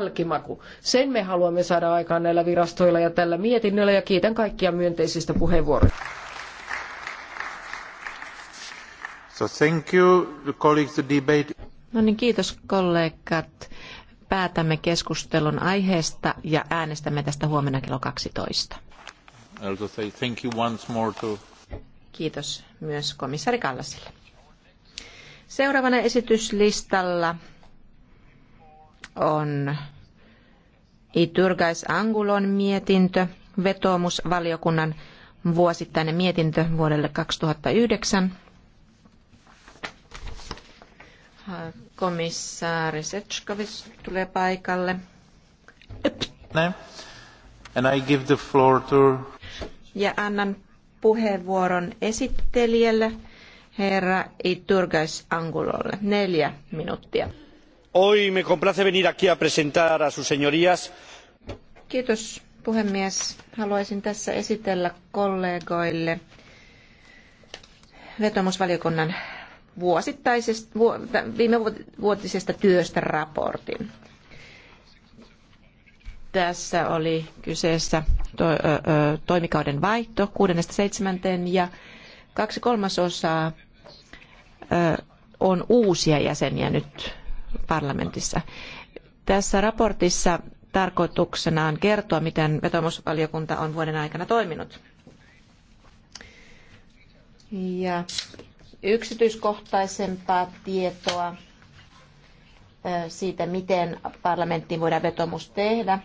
jälkimaku. Sen me haluamme saada aikaan näillä virastoilla ja tällä mietinnöllä ja kiitän kaikkia myönteisistä puheenvuoroista. So thank you, colleagues, debate. No niin, kiitos kollegat. Päätämme keskustelun aiheesta ja äänestämme tästä huomenna kello 12. thank you once more to... Kiitos myös komissaari Kallasille. Seuraavana esityslistalla on Iturgais Angulon mietintö, vetoomusvaliokunnan vuosittainen mietintö vuodelle 2009. Komissaari Sechkovic tulee paikalle. And I give the floor to... Ja annan puheenvuoron esittelijälle, herra Iturgais Angulolle. Neljä minuuttia hoy me complace venir aquí a presentar a sus señorías. Kiitos puhemies. Haluaisin tässä esitellä kollegoille vetomusvaliokunnan vuosittaisesta, vuotisesta työstä raportin. Tässä oli kyseessä to, ö, toimikauden vaihto kuudennesta seitsemänteen ja kaksi kolmasosaa ö, on uusia jäseniä nyt parlamentissa. Tässä raportissa tarkoituksena on kertoa, miten vetomusvaliokunta on vuoden aikana toiminut. Ja yksityiskohtaisempaa tietoa siitä, miten parlamenttiin voidaan vetomus tehdä.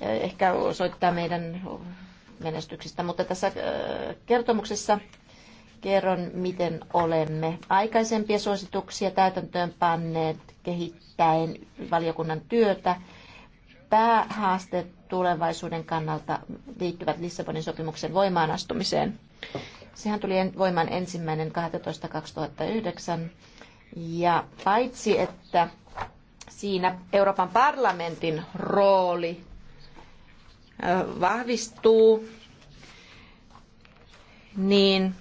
Ehkä osoittaa meidän menestyksistä, mutta tässä kertomuksessa kerron, miten olemme aikaisempia suosituksia täytäntöön panneet kehittäen valiokunnan työtä. Päähaaste tulevaisuuden kannalta liittyvät Lissabonin sopimuksen voimaan astumiseen. Sehän tuli voimaan ensimmäinen 12.2009. Ja paitsi, että siinä Euroopan parlamentin rooli vahvistuu, niin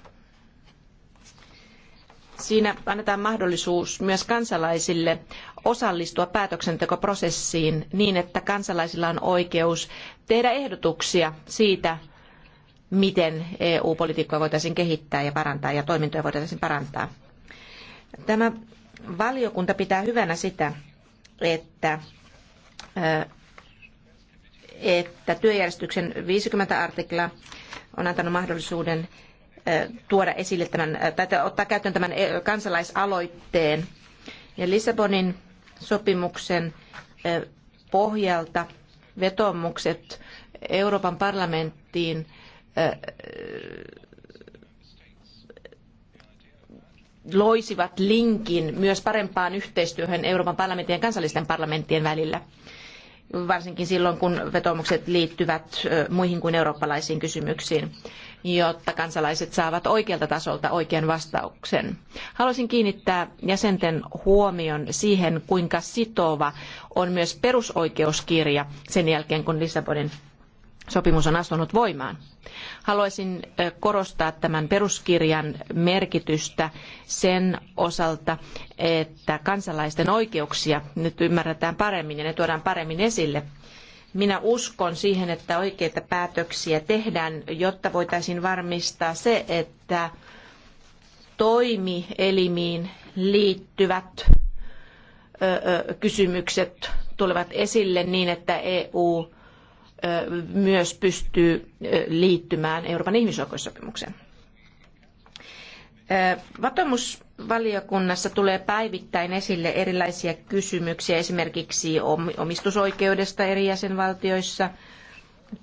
Siinä annetaan mahdollisuus myös kansalaisille osallistua päätöksentekoprosessiin niin, että kansalaisilla on oikeus tehdä ehdotuksia siitä, miten EU-politiikkoja voitaisiin kehittää ja parantaa ja toimintoja voitaisiin parantaa. Tämä valiokunta pitää hyvänä sitä, että että työjärjestyksen 50 artikla on antanut mahdollisuuden tuoda esille tämän, tai ottaa käyttöön tämän kansalaisaloitteen. Ja Lissabonin sopimuksen pohjalta vetomukset Euroopan parlamenttiin loisivat linkin myös parempaan yhteistyöhön Euroopan parlamentin ja kansallisten parlamenttien välillä varsinkin silloin, kun vetomukset liittyvät muihin kuin eurooppalaisiin kysymyksiin, jotta kansalaiset saavat oikealta tasolta oikean vastauksen. Haluaisin kiinnittää jäsenten huomion siihen, kuinka sitova on myös perusoikeuskirja sen jälkeen, kun Lissabonin sopimus on astunut voimaan. Haluaisin korostaa tämän peruskirjan merkitystä sen osalta, että kansalaisten oikeuksia nyt ymmärretään paremmin ja ne tuodaan paremmin esille. Minä uskon siihen, että oikeita päätöksiä tehdään, jotta voitaisiin varmistaa se, että toimielimiin liittyvät kysymykset tulevat esille niin, että EU myös pystyy liittymään Euroopan ihmisoikeussopimukseen. Vatomusvaliokunnassa tulee päivittäin esille erilaisia kysymyksiä esimerkiksi omistusoikeudesta eri jäsenvaltioissa –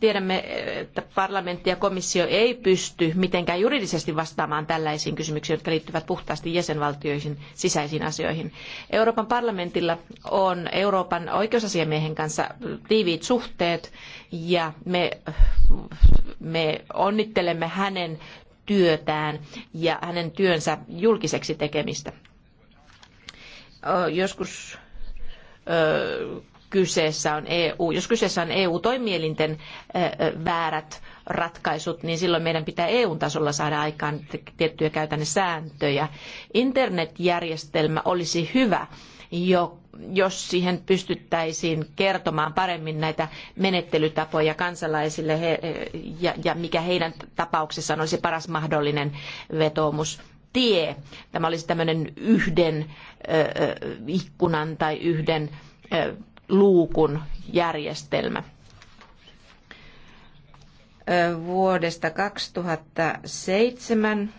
Tiedämme, että parlamentti ja komissio ei pysty mitenkään juridisesti vastaamaan tällaisiin kysymyksiin, jotka liittyvät puhtaasti jäsenvaltioihin sisäisiin asioihin. Euroopan parlamentilla on Euroopan oikeusasiamiehen kanssa tiiviit suhteet ja me, me onnittelemme hänen työtään ja hänen työnsä julkiseksi tekemistä. Joskus kyseessä on EU. Jos kyseessä on EU-toimielinten väärät ratkaisut, niin silloin meidän pitää EU-tasolla saada aikaan tiettyjä käytännön sääntöjä. Internetjärjestelmä olisi hyvä, jos siihen pystyttäisiin kertomaan paremmin näitä menettelytapoja kansalaisille ja, mikä heidän tapauksessaan olisi paras mahdollinen vetoomus tie. Tämä olisi tämmöinen yhden ikkunan tai yhden luukun järjestelmä. Vuodesta 2007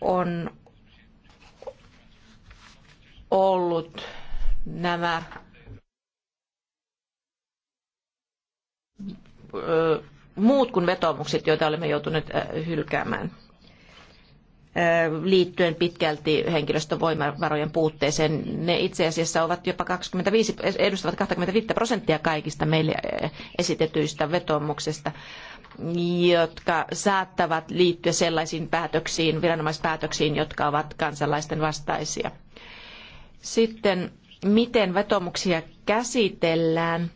on ollut nämä muut kuin vetomukset, joita olemme joutuneet hylkäämään liittyen pitkälti henkilöstövoimavarojen puutteeseen. Ne itse asiassa ovat jopa 25, edustavat 25 prosenttia kaikista meille esitetyistä vetoomuksista, jotka saattavat liittyä sellaisiin päätöksiin, viranomaispäätöksiin, jotka ovat kansalaisten vastaisia. Sitten miten vetomuksia käsitellään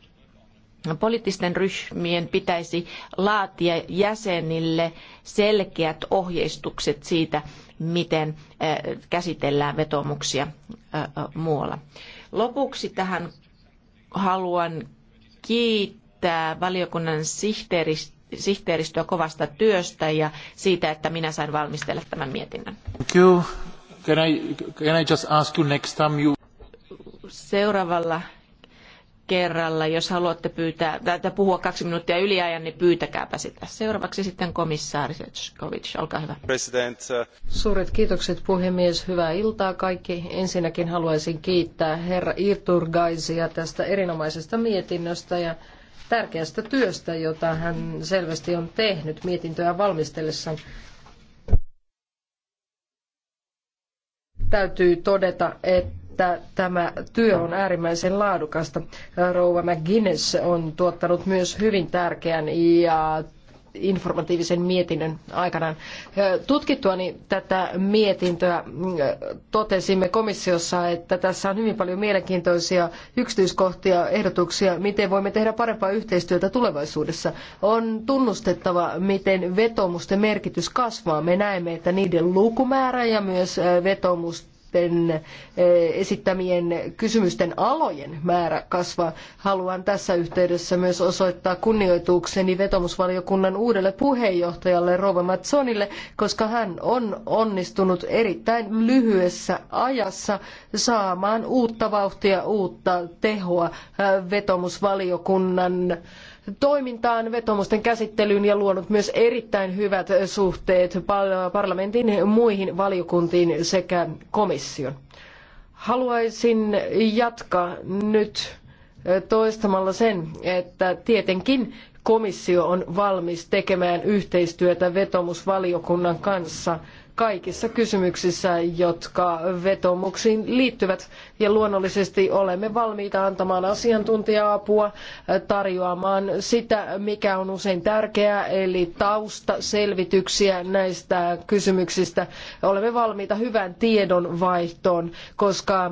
poliittisten ryhmien pitäisi laatia jäsenille selkeät ohjeistukset siitä, miten eh, käsitellään vetomuksia eh, eh, muualla. Lopuksi tähän haluan kiittää valiokunnan sihteeristöä kovasta työstä ja siitä, että minä sain valmistella tämän mietinnön. Seuraavalla kerralla. Jos haluatte pyytää, tai puhua kaksi minuuttia yliajan, niin pyytäkääpä sitä. Seuraavaksi sitten komissaari Sechkovic, olkaa hyvä. President. Uh, Suuret kiitokset puhemies, hyvää iltaa kaikki. Ensinnäkin haluaisin kiittää herra Irturgaisia tästä erinomaisesta mietinnöstä ja tärkeästä työstä, jota hän selvästi on tehnyt mietintöä valmistellessaan. Täytyy todeta, että että tämä työ on äärimmäisen laadukasta. Rouva McGuinness on tuottanut myös hyvin tärkeän ja informatiivisen mietinnön aikanaan. Tutkittuani tätä mietintöä mm, totesimme komissiossa, että tässä on hyvin paljon mielenkiintoisia yksityiskohtia, ehdotuksia, miten voimme tehdä parempaa yhteistyötä tulevaisuudessa. On tunnustettava, miten vetomusten merkitys kasvaa. Me näemme, että niiden lukumäärä ja myös vetomusten jäsenten eh, esittämien kysymysten alojen määrä kasvaa. Haluan tässä yhteydessä myös osoittaa kunnioitukseni vetomusvaliokunnan uudelle puheenjohtajalle Rova Matsonille, koska hän on onnistunut erittäin lyhyessä ajassa saamaan uutta vauhtia, uutta tehoa eh, vetomusvaliokunnan toimintaan, vetomusten käsittelyyn ja luonut myös erittäin hyvät suhteet parlamentin muihin valiokuntiin sekä komission. Haluaisin jatkaa nyt eh, toistamalla sen, että tietenkin komissio on valmis tekemään yhteistyötä vetomusvaliokunnan kanssa kaikissa kysymyksissä, jotka vetomuksiin liittyvät. Ja luonnollisesti olemme valmiita antamaan asiantuntija-apua, tarjoamaan sitä, mikä on usein tärkeää, eli taustaselvityksiä näistä kysymyksistä. Olemme valmiita hyvään tiedonvaihtoon, koska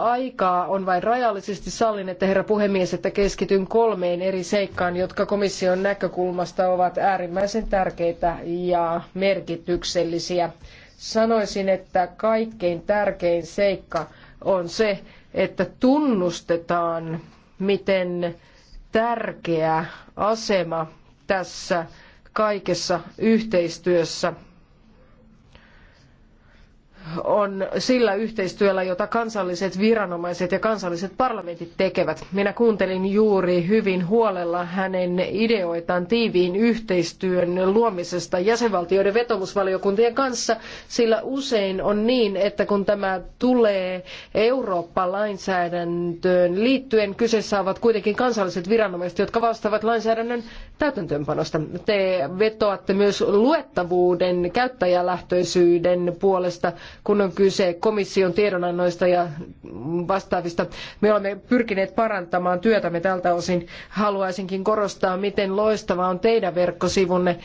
aikaa on vain rajallisesti. Sallin, että herra puhemies, että keskityn kolmeen eri seikkaan, jotka komission näkökulmasta ovat äärimmäisen tärkeitä ja merkityksellisiä. Sanoisin, että kaikkein tärkein seikka on se, että tunnustetaan, miten tärkeä asema tässä kaikessa yhteistyössä on sillä yhteistyöllä, jota kansalliset viranomaiset ja kansalliset parlamentit tekevät. Minä kuuntelin juuri hyvin huolella hänen ideoitaan tiiviin yhteistyön luomisesta jäsenvaltioiden vetomusvaliokuntien kanssa, sillä usein on niin, että kun tämä tulee Eurooppa-lainsäädäntöön liittyen, kyseessä ovat kuitenkin kansalliset viranomaiset, jotka vastaavat lainsäädännön täytäntöönpanosta. Te vetoatte myös luettavuuden, käyttäjälähtöisyyden puolesta kun on kyse komission tiedonannoista ja vastaavista. Me olemme pyrkineet parantamaan työtämme tältä osin. Haluaisinkin korostaa, miten loistava on teidän verkkosivunne.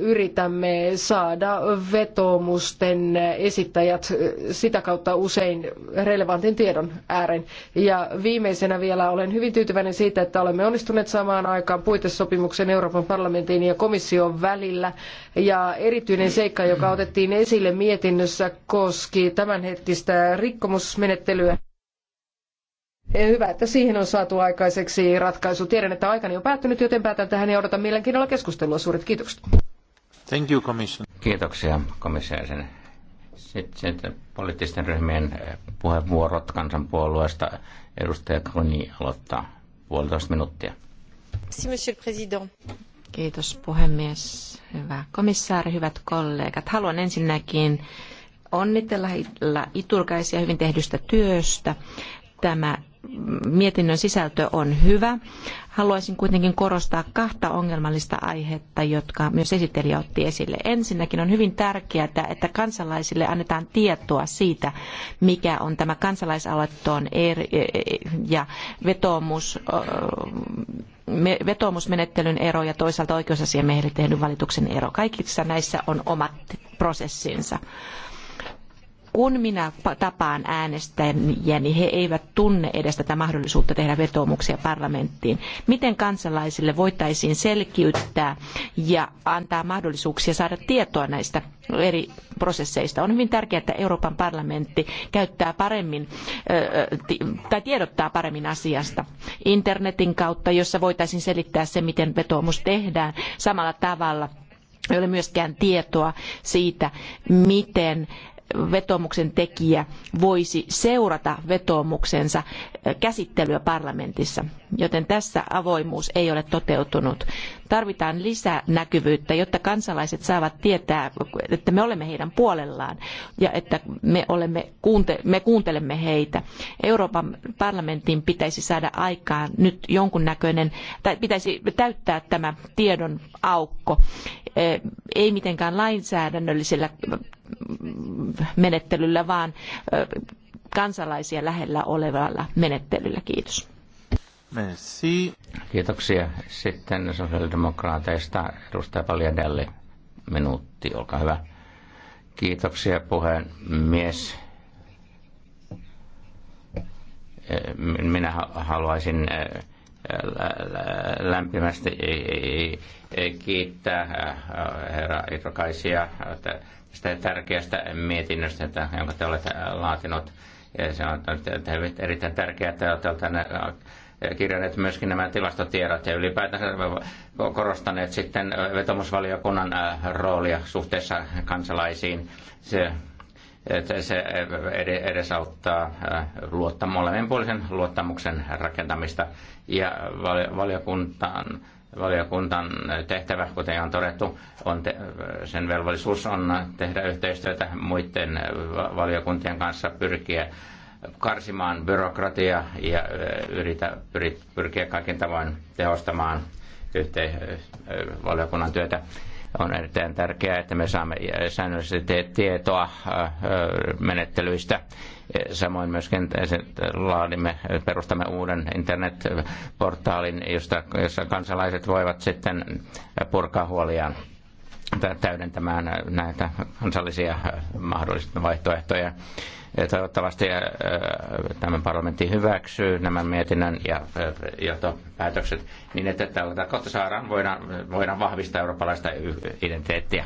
Yritämme saada vetoomusten esittäjät sitä kautta usein relevantin tiedon ääreen. Ja viimeisenä vielä olen hyvin tyytyväinen siitä, että olemme onnistuneet saamaan aikaan puitesopimuksen Euroopan parlamentin ja komission välillä. Ja erityinen seikka, joka otettiin esille mietinnössä, koski tämänhetkistä rikkomusmenettelyä. Eh, hyvä, että siihen on saatu aikaiseksi ratkaisu. Tiedän, että aikani on päättynyt, joten päätän tähän ja odotan mielenkiinnolla keskustelua. Suuret kiitokset. Thank you, commission. Kiitoksia komission Sitten poliittisten ryhmien eh, puheenvuorot kansanpuolueesta. Edustaja Kroni aloittaa puolitoista minuuttia. Monsieur le Président. Kiitos puhemies, hyvä komissaari, hyvät kollegat. Haluan ensinnäkin onnitella iturkaisia hyvin tehdystä työstä. Tämä mietinnön sisältö on hyvä. Haluaisin kuitenkin korostaa kahta ongelmallista aihetta, jotka myös esittelijä otti esille. Ensinnäkin on hyvin tärkeää, että kansalaisille annetaan tietoa siitä, mikä on tämä kansalaisaloitteen ja vetoomus vetoomusmenettelyn ero ja toisaalta oikeusasiamiehelle tehdyn valituksen ero. Kaikissa näissä on omat prosessinsa kun minä tapaan äänestäjiä, niin he eivät tunne edes tätä mahdollisuutta tehdä vetoomuksia parlamenttiin. Miten kansalaisille voitaisiin selkiyttää ja antaa mahdollisuuksia saada tietoa näistä eri prosesseista? On hyvin tärkeää, että Euroopan parlamentti käyttää paremmin tai tiedottaa paremmin asiasta internetin kautta, jossa voitaisiin selittää se, miten vetoomus tehdään samalla tavalla ei ole myöskään tietoa siitä, miten vetomuksen tekijä voisi seurata vetomuksensa eh, käsittelyä parlamentissa, joten tässä avoimuus ei ole toteutunut. Tarvitaan lisää näkyvyyttä, jotta kansalaiset saavat tietää, että me olemme heidän puolellaan ja että me, olemme, me kuuntelemme heitä. Euroopan parlamentin pitäisi saada aikaan nyt jonkunnäköinen, tai pitäisi täyttää tämä tiedon aukko, eh, ei mitenkään lainsäädännöllisillä menettelyllä, vaan kansalaisia lähellä olevalla menettelyllä. Kiitos. Merci. Kiitoksia. Sitten sosiaalidemokraateista edustaja Paljadelli. Minuutti, olkaa hyvä. Kiitoksia puhemies. Minä haluaisin lämpimästi kiittää herra Itrokaisia sitä tärkeästä mietinnöstä, jonka te olette äh, laatinut. Ja se on erittäin tärkeää, että olette tänne äh, kirjanneet myöskin nämä tilastotiedot ja ylipäätänsä korostaneet sitten äh, vetomusvaliokunnan roolia suhteessa kansalaisiin. Se, se edesauttaa luottam- molemminpuolisen luottamuksen rakentamista ja valiokuntaan valiokunnan tehtävä, kuten on todettu, on te, sen velvollisuus on tehdä yhteistyötä muiden valiokuntien kanssa, pyrkiä karsimaan byrokratiaa ja yritä, pyrkiä kaiken tavoin tehostamaan yhte, valiokunnan työtä. On erittäin tärkeää, että me saamme säännöllisesti tietoa menettelyistä Samoin myöskin laadimme, perustamme uuden internetportaalin, josta, jossa kansalaiset voivat sitten purkaa huoliaan täydentämään näitä kansallisia äh, mahdollisia vaihtoehtoja. Toivottavasti äh, tämän parlamentti hyväksyy nämä mietinnän ja äh, johtopäätökset niin, että tällä kautta saadaan, voidaan, voidaan vahvistaa eurooppalaista identiteettiä.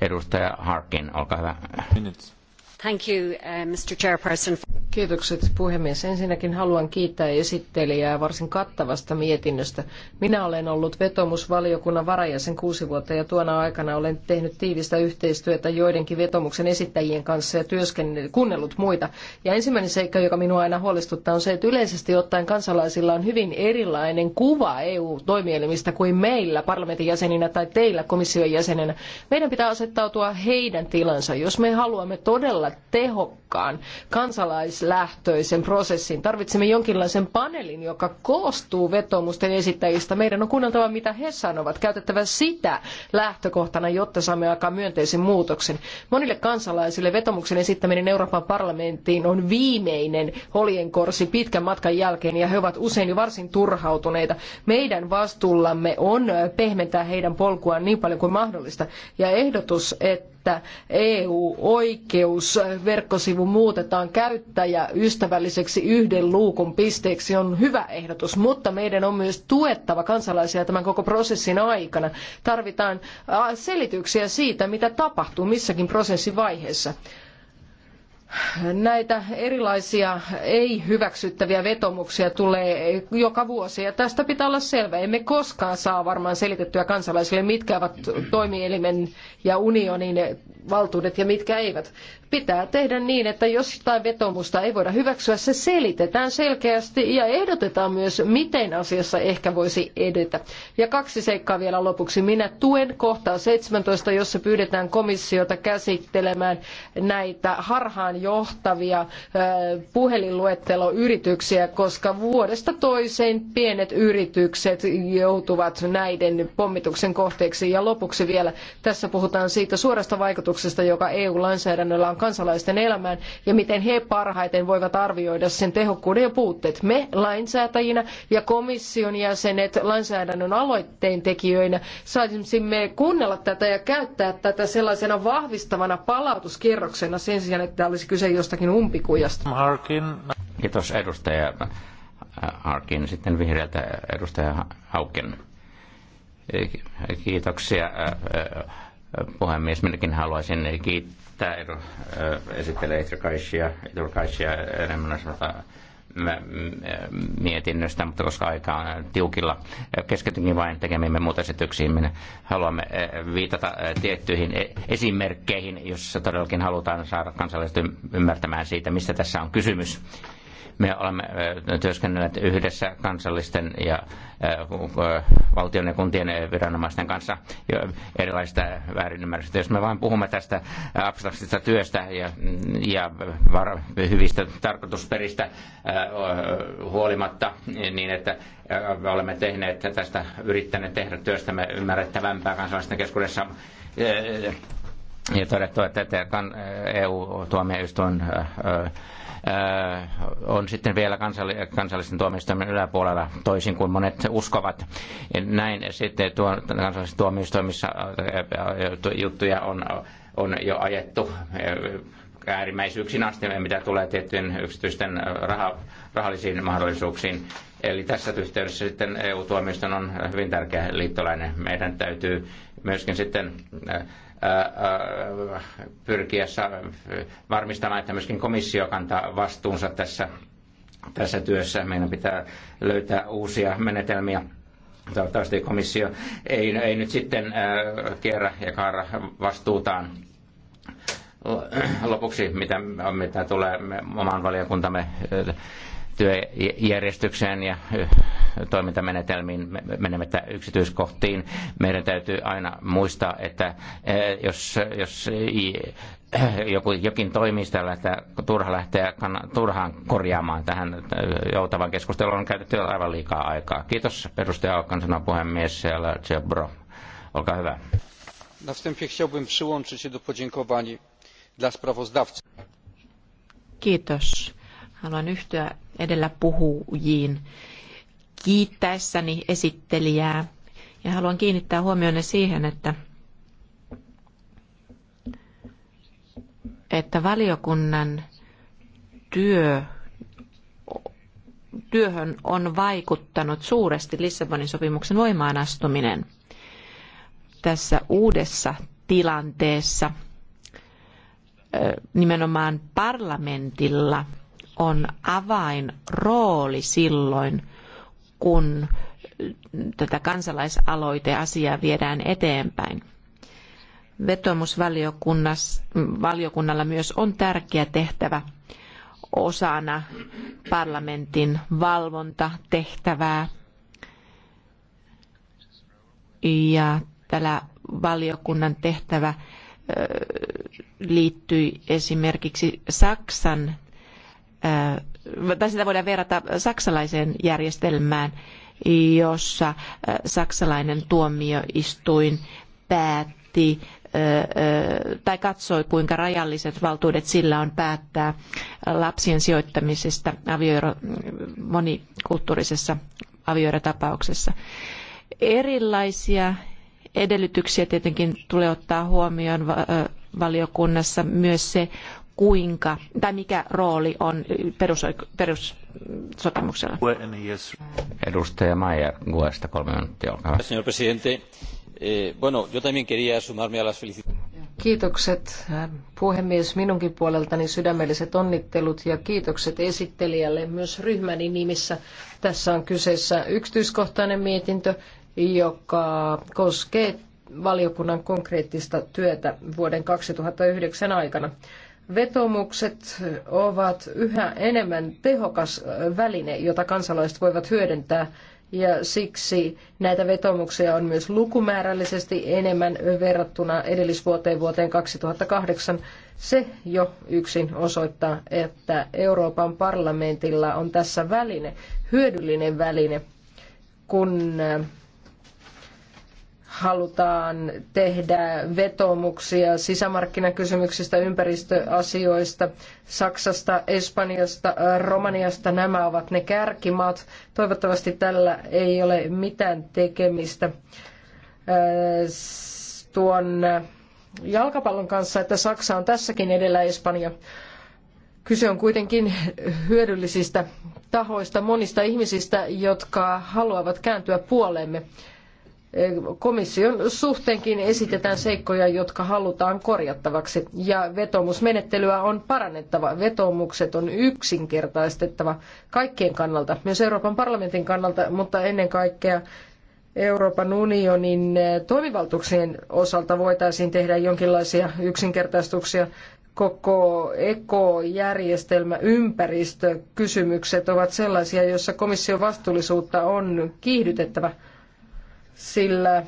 Edustaja Harkin, olkaa hyvä. Minutes. Thank you, uh, Mr. Chairperson. Kiitokset puhemies. Ensinnäkin haluan kiittää esittelijää varsin kattavasta mietinnöstä. Minä olen ollut vetomusvaliokunnan varajäsen kuusi vuotta ja tuona aikana olen tehnyt tiivistä yhteistyötä joidenkin vetomuksen esittäjien kanssa ja työskennellyt, kuunnellut muita. Ja ensimmäinen seikka, joka minua aina huolestuttaa, on se, että yleisesti ottaen kansalaisilla on hyvin erilainen kuva EU-toimielimistä kuin meillä parlamentin jäseninä tai teillä komission jäsenenä. Meidän pitää asettautua heidän tilansa, jos me haluamme todella todella tehokkaan kansalaislähtöisen prosessin. Tarvitsemme jonkinlaisen paneelin, joka koostuu vetoomusten esittäjistä. Meidän on kuunneltava, mitä he sanovat, käytettävä sitä lähtökohtana, jotta saamme aikaan myönteisen muutoksen. Monille kansalaisille vetomuksen esittäminen Euroopan parlamenttiin on viimeinen holienkorsi pitkän matkan jälkeen ja he ovat usein jo varsin turhautuneita. Meidän vastuullamme on pehmentää heidän polkuaan niin paljon kuin mahdollista ja ehdotus, että että EU-oikeus verkkosivu muutetaan käyttäjäystävälliseksi yhden luukun pisteeksi on hyvä ehdotus, mutta meidän on myös tuettava kansalaisia tämän koko prosessin aikana. Tarvitaan äh, selityksiä siitä, mitä tapahtuu missäkin prosessin vaiheessa näitä erilaisia ei hyväksyttäviä vetomuksia tulee joka vuosi ja tästä pitää olla selvä. Emme koskaan saa varmaan selitettyä kansalaisille, mitkä ovat toimielimen ja unionin valtuudet ja mitkä eivät. Pitää tehdä niin, että jos jotain vetomusta ei voida hyväksyä, se selitetään selkeästi ja ehdotetaan myös, miten asiassa ehkä voisi edetä. Ja kaksi seikkaa vielä lopuksi. Minä tuen kohtaa 17, jossa pyydetään komissiota käsittelemään näitä harhaanjohtavia puhelinluetteloyrityksiä, koska vuodesta toiseen pienet yritykset joutuvat näiden pommituksen kohteeksi. Ja lopuksi vielä tässä puhutaan puhutaan siitä suorasta vaikutuksesta, joka EU-lainsäädännöllä on kansalaisten elämään ja miten he parhaiten voivat arvioida sen tehokkuuden ja puutteet. Me lainsäätäjinä ja komission jäsenet lainsäädännön aloitteen tekijöinä saisimme kuunnella tätä ja käyttää tätä sellaisena vahvistavana palautuskierroksena sen sijaan, että olisi kyse jostakin umpikujasta. Harkin. Kiitos edustaja äh, Harkin. Sitten vihreältä edustaja Hauken. Kiitoksia äh, äh, puhemies. Minäkin haluaisin kiittää äh, esittelee Itrikaisia, Itrikaisia enemmän mm, mietinnöstä, mutta koska aika on tiukilla, äh, keskitynkin vain tekemimme muuta esityksiin. Minä haluamme äh, viitata tiettyihin e-, esimerkkeihin, joissa todellakin halutaan saada kansalaiset ymmärtämään siitä, mistä tässä on kysymys me olemme työskennelleet yhdessä kansallisten ja valtion ja kuntien viranomaisten kanssa erilaisista väärinymmärryksistä. Jos me vain puhumme tästä abstraktista työstä ja, ja hyvistä tarkoitusperistä huolimatta, niin että olemme tehneet tästä, yrittäneet tehdä työstämme ymmärrettävämpää kansalaisten keskuudessa ja todettu, että EU-tuomioistuin on sitten vielä kansallisten tuomioistuimen yläpuolella, toisin kuin monet uskovat. Näin sitten tuo, kansallisissa tuomioistuimissa juttuja on, on jo ajettu äärimmäisyyksiin asti, mitä tulee tiettyjen yksityisten raha, rahallisiin mahdollisuuksiin. Eli tässä yhteydessä sitten EU-tuomioistuin on hyvin tärkeä liittolainen. Meidän täytyy myöskin sitten pyrkiä varmistamaan, että myöskin komissio kantaa vastuunsa tässä, tässä työssä. Meidän pitää löytää uusia menetelmiä. Toivottavasti komissio ei, ei nyt sitten kierrä ja kaara vastuutaan lopuksi, mitä, mitä tulee oman valiokuntamme työjärjestykseen ja toimintamenetelmiin menemättä yksityiskohtiin. Meidän täytyy aina muistaa, että jos, jos joku, jokin toimii sitä lähtee, turha lähteä turhaan korjaamaan tähän joutavan keskusteluun on käytetty aivan liikaa aikaa. Kiitos perustaja Alkan sanoa puhemies siellä Bro. Olkaa hyvä. Następnie chciałbym przyłączyć się do podziękowań dla sprawozdawcy. Kiitos. Haluan yhtyä edellä puhujiin kiittäessäni esittelijää. Ja haluan kiinnittää huomionne siihen, että, että valiokunnan työ, työhön on vaikuttanut suuresti Lissabonin sopimuksen voimaan astuminen tässä uudessa tilanteessa nimenomaan parlamentilla – on avainrooli silloin, kun tätä kansalaisaloiteasiaa viedään eteenpäin. Vetomusvaliokunnalla myös on tärkeä tehtävä osana parlamentin valvontatehtävää. Ja tällä valiokunnan tehtävä liittyi esimerkiksi Saksan tai sitä voidaan verrata saksalaiseen järjestelmään, jossa saksalainen tuomioistuin päätti tai katsoi, kuinka rajalliset valtuudet sillä on päättää lapsien sijoittamisesta avioero, monikulttuurisessa avioerotapauksessa. Erilaisia edellytyksiä tietenkin tulee ottaa huomioon valiokunnassa myös se, kuinka tai mikä rooli on perusoik- perussopimuksella. Edustaja Maija Guesta, kolme minuuttia, olkaa hyvä. Señor presidente, eh, bueno, yo también quería sumarme a las Kiitokset puhemies minunkin puoleltani sydämelliset onnittelut ja kiitokset esittelijälle myös ryhmäni nimissä. Tässä on kyseessä yksityiskohtainen mietintö, joka koskee valiokunnan konkreettista työtä vuoden 2009 aikana. Vetomukset ovat yhä enemmän tehokas väline, jota kansalaiset voivat hyödyntää ja siksi näitä vetomuksia on myös lukumäärällisesti enemmän verrattuna edellisvuoteen vuoteen 2008. Se jo yksin osoittaa, että Euroopan parlamentilla on tässä väline, hyödyllinen väline, kun halutaan tehdä vetomuksia sisämarkkinakysymyksistä, ympäristöasioista, Saksasta, Espanjasta, Romaniasta. Nämä ovat ne kärkimaat. Toivottavasti tällä ei ole mitään tekemistä äh, tuon jalkapallon kanssa, että Saksa on tässäkin edellä Espanja. Kyse on kuitenkin hyödyllisistä tahoista, monista ihmisistä, jotka haluavat kääntyä puoleemme komission suhteenkin esitetään seikkoja, jotka halutaan korjattavaksi ja vetomusmenettelyä on parannettava. Vetomukset on yksinkertaistettava kaikkien kannalta, myös Euroopan parlamentin kannalta, mutta ennen kaikkea Euroopan unionin toimivaltuuksien osalta voitaisiin tehdä jonkinlaisia yksinkertaistuksia. Koko ekojärjestelmä, ympäristökysymykset ovat sellaisia, joissa komission vastuullisuutta on kiihdytettävä sillä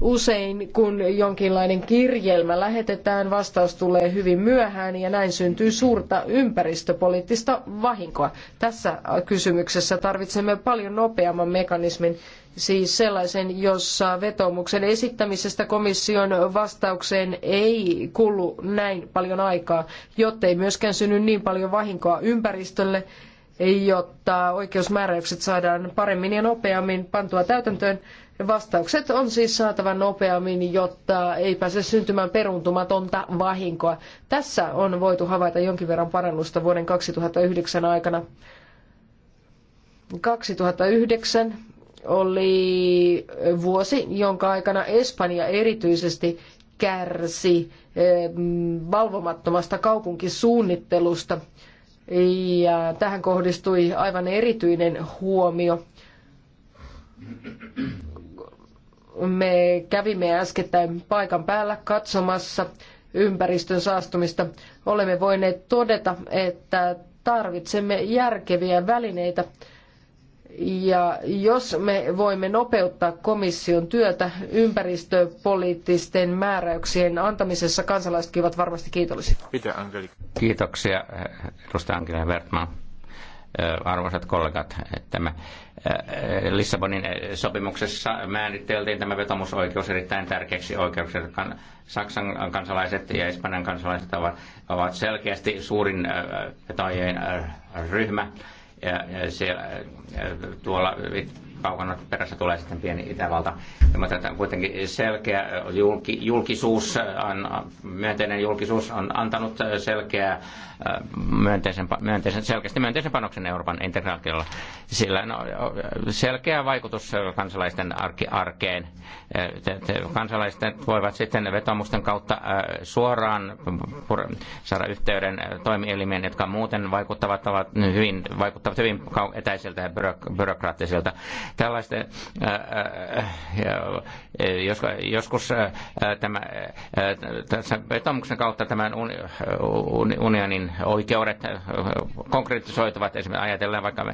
usein kun jonkinlainen kirjelmä lähetetään, vastaus tulee hyvin myöhään ja näin syntyy suurta ympäristöpoliittista vahinkoa. Tässä kysymyksessä tarvitsemme paljon nopeamman mekanismin, siis sellaisen, jossa vetoomuksen esittämisestä komission vastaukseen ei kulu näin paljon aikaa, jottei myöskään synny niin paljon vahinkoa ympäristölle jotta oikeusmääräykset saadaan paremmin ja nopeammin pantua täytäntöön. Vastaukset on siis saatava nopeammin, jotta ei pääse syntymään peruuntumatonta vahinkoa. Tässä on voitu havaita jonkin verran parannusta vuoden 2009 aikana. 2009 oli vuosi, jonka aikana Espanja erityisesti kärsi eh, valvomattomasta kaupunkisuunnittelusta. Ja tähän kohdistui aivan erityinen huomio. Me kävimme äskettäin paikan päällä katsomassa ympäristön saastumista. Olemme voineet todeta, että tarvitsemme järkeviä välineitä ja jos me voimme nopeuttaa komission työtä ympäristöpoliittisten määräyksien antamisessa, kansalaiset ovat varmasti kiitollisia. Kiitoksia, edustaja Angela Wertman. Arvoisat kollegat, tämä Lissabonin sopimuksessa määriteltiin tämä vetomusoikeus erittäin tärkeäksi oikeuksi. Saksan kansalaiset ja Espanjan kansalaiset ovat selkeästi suurin vetojien ryhmä ja ja siellä, äh, ja tuolla kaukana perässä tulee sitten pieni Itävalta. Mutta kuitenkin selkeä äh, julki, julkisuus, on äh, myönteinen julkisuus on antanut äh, selkeä, myönteisen, myönteisen, selkeästi myönteisen panoksen Euroopan integraatiolla. Sillä on no, selkeä vaikutus kansalaisten arkeen. Kansalaiset voivat sitten vetomusten kautta suoraan saada yhteyden toimielimien, jotka muuten vaikuttavat, ovat hyvin, vaikuttavat hyvin etäiseltä ja byrokraattisilta. Tällaisten, äh, äh, äh, jos, joskus tämä, tässä vetomuksen kautta tämän unionin oikeudet konkretisoituvat, esimerkiksi ajatellaan vaikka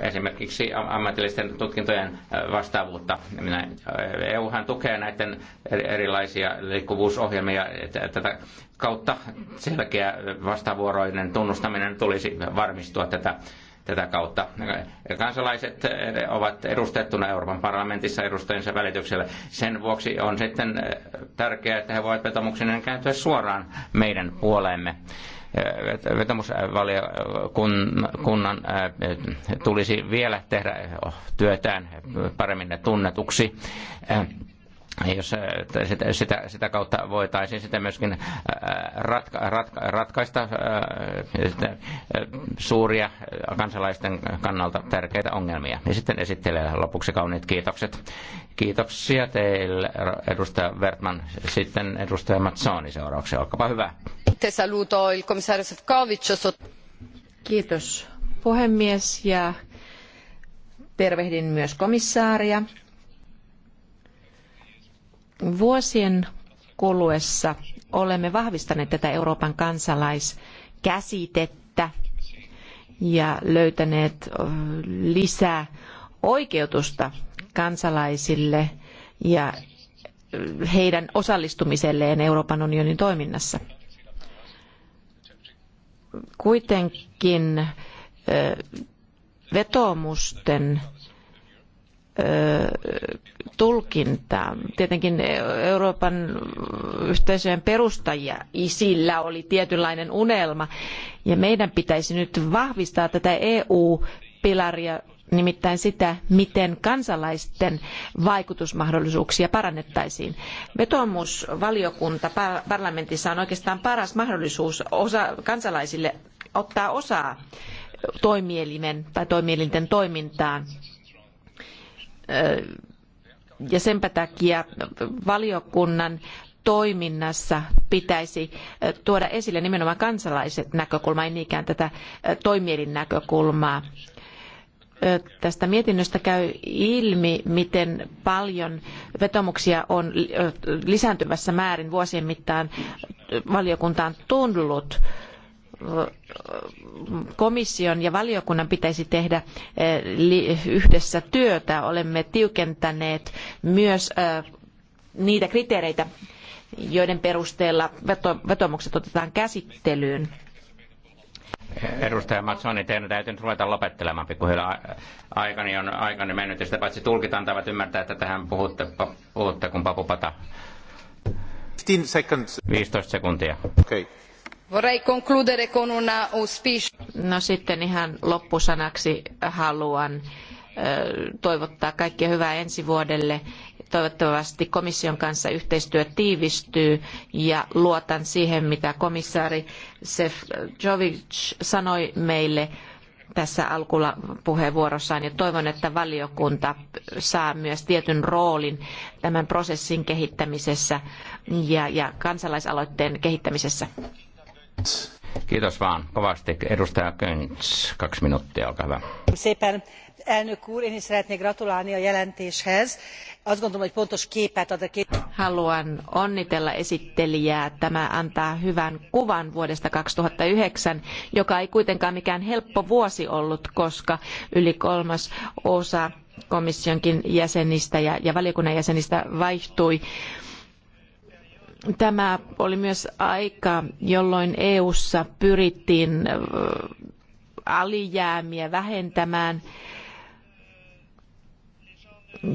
esimerkiksi ammatillisten tutkintojen vastaavuutta. Minä, EUhan tukee näiden erilaisia liikkuvuusohjelmia tätä kautta selkeä vastavuoroinen tunnustaminen tulisi varmistua tätä tätä kautta. Kansalaiset eh, ovat edustettuna Euroopan parlamentissa edustajansa välityksellä. Sen vuoksi on sitten eh, tärkeää, että he voivat vetomuksen kääntyä suoraan meidän puoleemme eh, vetomusvaliokunnan tulisi vielä tehdä oh, työtään paremmin tunnetuksi jos äh, sitä, sitä kautta voitaisiin sitä myöskin äh, ratka, ratka, ratkaista äh, suuria kansalaisten kannalta tärkeitä ongelmia. Ja sitten esittelee lopuksi kauniit kiitokset. Kiitoksia teille, edustaja Vertman. Sitten edustaja Mazzoni seuraavaksi. Olkaapa hyvä. Te saluto il komissario Sefcovic. Kiitos puhemies ja tervehdin myös komissaaria. Vuosien kuluessa olemme vahvistaneet tätä Euroopan kansalaiskäsitettä ja löytäneet lisää oikeutusta kansalaisille ja heidän osallistumiselleen Euroopan unionin toiminnassa. Kuitenkin vetoomusten tulkintaa. Tietenkin Euroopan yhteisöjen perustajia isillä oli tietynlainen unelma ja meidän pitäisi nyt vahvistaa tätä EU-pilaria nimittäin sitä, miten kansalaisten vaikutusmahdollisuuksia parannettaisiin. Vetoomusvaliokunta parlamentissa on oikeastaan paras mahdollisuus osa, kansalaisille ottaa osaa toimielimen tai toimielinten toimintaan ja senpä takia valiokunnan toiminnassa pitäisi tuoda esille nimenomaan kansalaiset näkökulma, ei niinkään tätä toimielin näkökulmaa. Tästä mietinnöstä käy ilmi, miten paljon vetomuksia on lisääntyvässä määrin vuosien mittaan valiokuntaan tullut komission ja valiokunnan pitäisi tehdä eh, yhdessä työtä. Olemme tiukentaneet myös eh, niitä kriteereitä, joiden perusteella vetomukset otetaan käsittelyyn. Edustaja Matsoni, teidän täytyy nyt ruveta lopettelemaan pikkuhiljaa. Aikani on aikani mennyt, ja sitä paitsi tulkitaan tavat ymmärtää, että tähän puhutte, puhutte kun papupata. 15 sekuntia. 15 sekuntia. Okay. Vorrei concludere con un auspicio. No sitten ihan loppusanaksi haluan toivottaa kaikkia hyvää ensi vuodelle. Toivottavasti komission kanssa yhteistyö tiivistyy ja luotan siihen, mitä komissaari Sefcovic sanoi meille tässä alkupuheenvuorossaan ja toivon, että valiokunta saa myös tietyn roolin tämän prosessin kehittämisessä ja, ja kansalaisaloitteen kehittämisessä. Kiitos vaan kovasti. Edustaja Könz, kaksi minuuttia, olkaa hyvä. Szépen, elnök úr, én is szeretnék gratulálni a jelentéshez. Azt gondolom, hogy pontos képet ad a kép... Haluan onnitella esittelijää. Tämä antaa hyvän kuvan vuodesta 2009, joka ei kuitenkaan mikään helppo vuosi ollut, koska yli kolmas osa komissionkin jäsenistä ja, ja valiokunnan jäsenistä vaihtui. Tämä oli myös aika, jolloin EU:ssa pyrittiin alijäämiä vähentämään.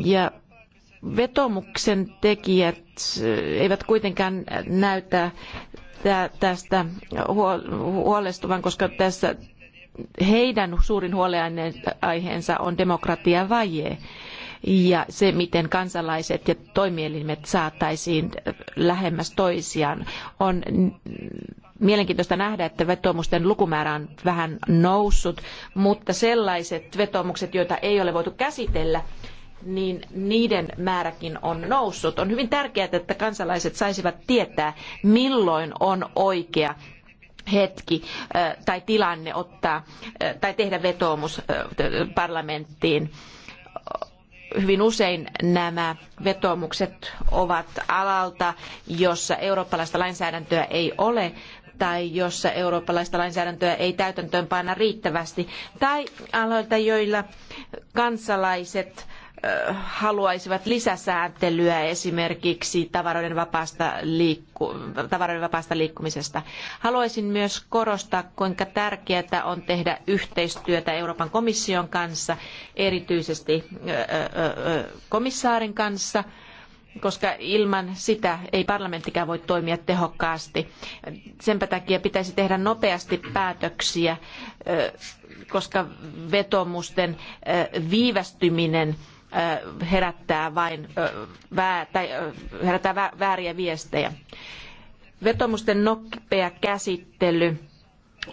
Ja vetomuksen tekijät eivät kuitenkaan näytä tästä huolestuvan, koska tässä heidän suurin huoleaiheensa on demokratiavaje. vaje ja se, miten kansalaiset ja toimielimet saataisiin lähemmäs toisiaan, on mielenkiintoista nähdä, että vetoomusten lukumäärä on vähän noussut, mutta sellaiset vetoomukset, joita ei ole voitu käsitellä, niin niiden määräkin on noussut. On hyvin tärkeää, että kansalaiset saisivat tietää, milloin on oikea hetki tai tilanne ottaa tai tehdä vetoomus parlamenttiin hyvin usein nämä vetoomukset ovat alalta, jossa eurooppalaista lainsäädäntöä ei ole tai jossa eurooppalaista lainsäädäntöä ei täytäntöönpanna riittävästi, tai aloilta, joilla kansalaiset haluaisivat lisäsääntelyä esimerkiksi tavaroiden vapaasta, liikku, tavaroiden vapaasta liikkumisesta. Haluaisin myös korostaa, kuinka tärkeää on tehdä yhteistyötä Euroopan komission kanssa, erityisesti komissaarin kanssa, koska ilman sitä ei parlamenttikaan voi toimia tehokkaasti. Sen takia pitäisi tehdä nopeasti päätöksiä, koska vetomusten viivästyminen – herättää vain vää, tai herättää vääriä viestejä. Vetomusten nopea käsittely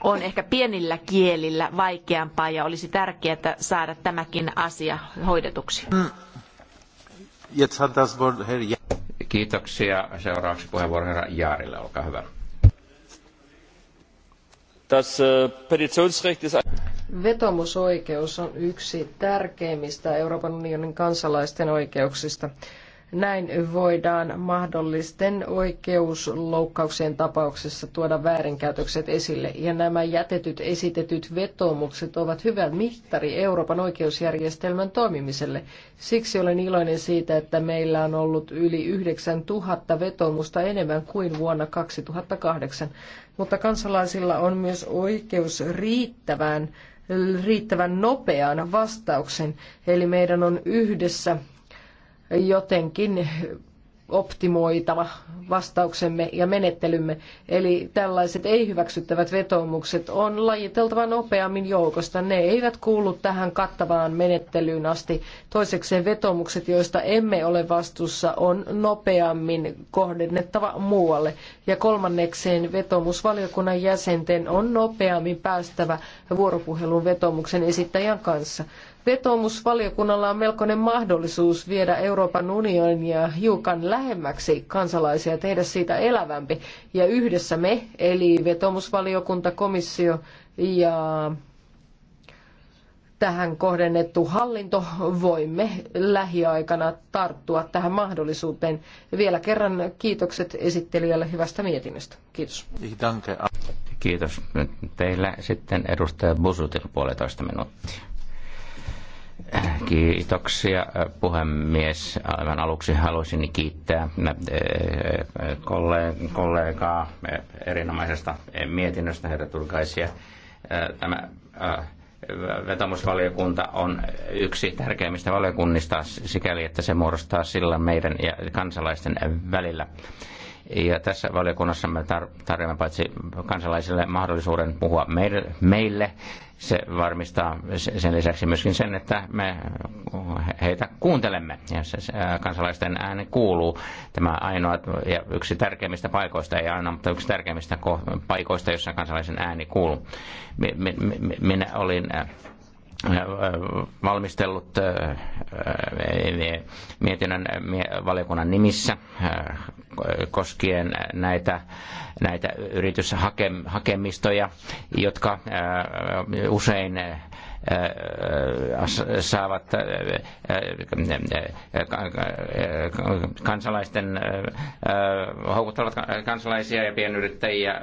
on ehkä pienillä kielillä vaikeampaa ja olisi tärkeää saada tämäkin asia hoidetuksi. Mm. Kiitoksia. Seuraavaksi puheenvuoro herra Jaarille, olkaa hyvä. Äh, Vetomusoikeus on yksi tärkeimmistä Euroopan unionin kansalaisten oikeuksista. Näin voidaan mahdollisten oikeusloukkauksien tapauksessa tuoda väärinkäytökset esille. Ja nämä jätetyt esitetyt vetomukset ovat hyvä mittari Euroopan oikeusjärjestelmän toimimiselle. Siksi olen iloinen siitä, että meillä on ollut yli 9000 vetomusta enemmän kuin vuonna 2008. Mutta kansalaisilla on myös oikeus riittävään riittävän nopean vastauksen. Eli meidän on yhdessä jotenkin optimoitava vastauksemme ja menettelymme. Eli tällaiset ei-hyväksyttävät vetoomukset on lajiteltava nopeammin joukosta. Ne eivät kuulu tähän kattavaan menettelyyn asti. Toisekseen vetomukset, joista emme ole vastuussa, on nopeammin kohdennettava muualle. Ja kolmannekseen vetomusvaliokunnan jäsenten on nopeammin päästävä vuoropuheluun vetoomuksen esittäjän kanssa. Vetoomusvaliokunnalla on melkoinen mahdollisuus viedä Euroopan unionia hiukan lähemmäksi kansalaisia, tehdä siitä elävämpi. Ja yhdessä me, eli vetoomusvaliokunta, komissio ja tähän kohdennettu hallinto, voimme lähiaikana tarttua tähän mahdollisuuteen. Vielä kerran kiitokset esittelijälle hyvästä mietinnöstä. Kiitos. Kiitos. Teillä sitten edustaja Busutil puolitoista minuuttia. Kiitoksia puhemies. Aivan aluksi haluaisin kiittää kollegaa erinomaisesta mietinnöstä, herra Turkaisia. Tämä vetomusvaliokunta on yksi tärkeimmistä valiokunnista sikäli, että se muodostaa sillä meidän ja kansalaisten välillä. Ja tässä valiokunnassa me tarjoamme paitsi kansalaisille mahdollisuuden puhua meille, meille se varmistaa sen lisäksi myöskin sen, että me heitä kuuntelemme ja se, kansalaisten ääni kuuluu. Tämä ainoa ja yksi tärkeimmistä paikoista, ei aina, mutta yksi tärkeimmistä paikoista, jossa kansalaisen ääni kuuluu. Minä olin äh, Äh, äh, valmistellut äh, mietinnön valiokunnan nimissä koskien näitä, näitä yrityshakemistoja, jotka usein Äh, äh, saavat äh, kansalaisten, houkuttelevat kansalaisia ja pienyrittäjiä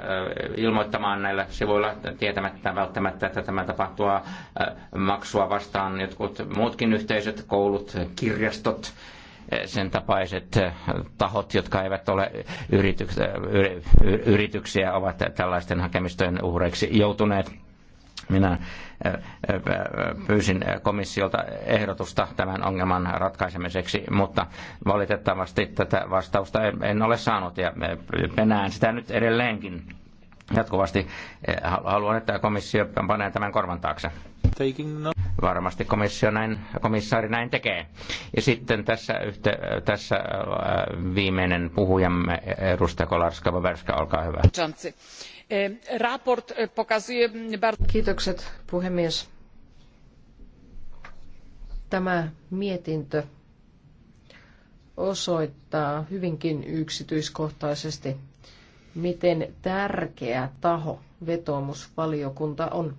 ilmoittamaan näillä sivuilla tietämättä välttämättä, että tämä tapahtuu maksua vastaan jotkut muutkin yhteisöt, koulut, kirjastot, sen tapaiset tahot, jotka eivät ole yrityksiä, ovat tällaisten hakemistojen uhreiksi joutuneet. Minä pyysin komissiolta ehdotusta tämän ongelman ratkaisemiseksi, mutta valitettavasti tätä vastausta en ole saanut ja penään sitä nyt edelleenkin jatkuvasti. Haluan, että komissio panee tämän korvan taakse. No- Varmasti komissio näin, komissaari näin tekee. Ja sitten tässä, yhte, tässä äh, viimeinen puhujamme, edustaja Kolarska-Baberska, olkaa hyvä. E, e, arvoisa Kiitokset puhemies. Tämä mietintö osoittaa hyvinkin yksityiskohtaisesti, miten tärkeä taho vetoomusvaliokunta on.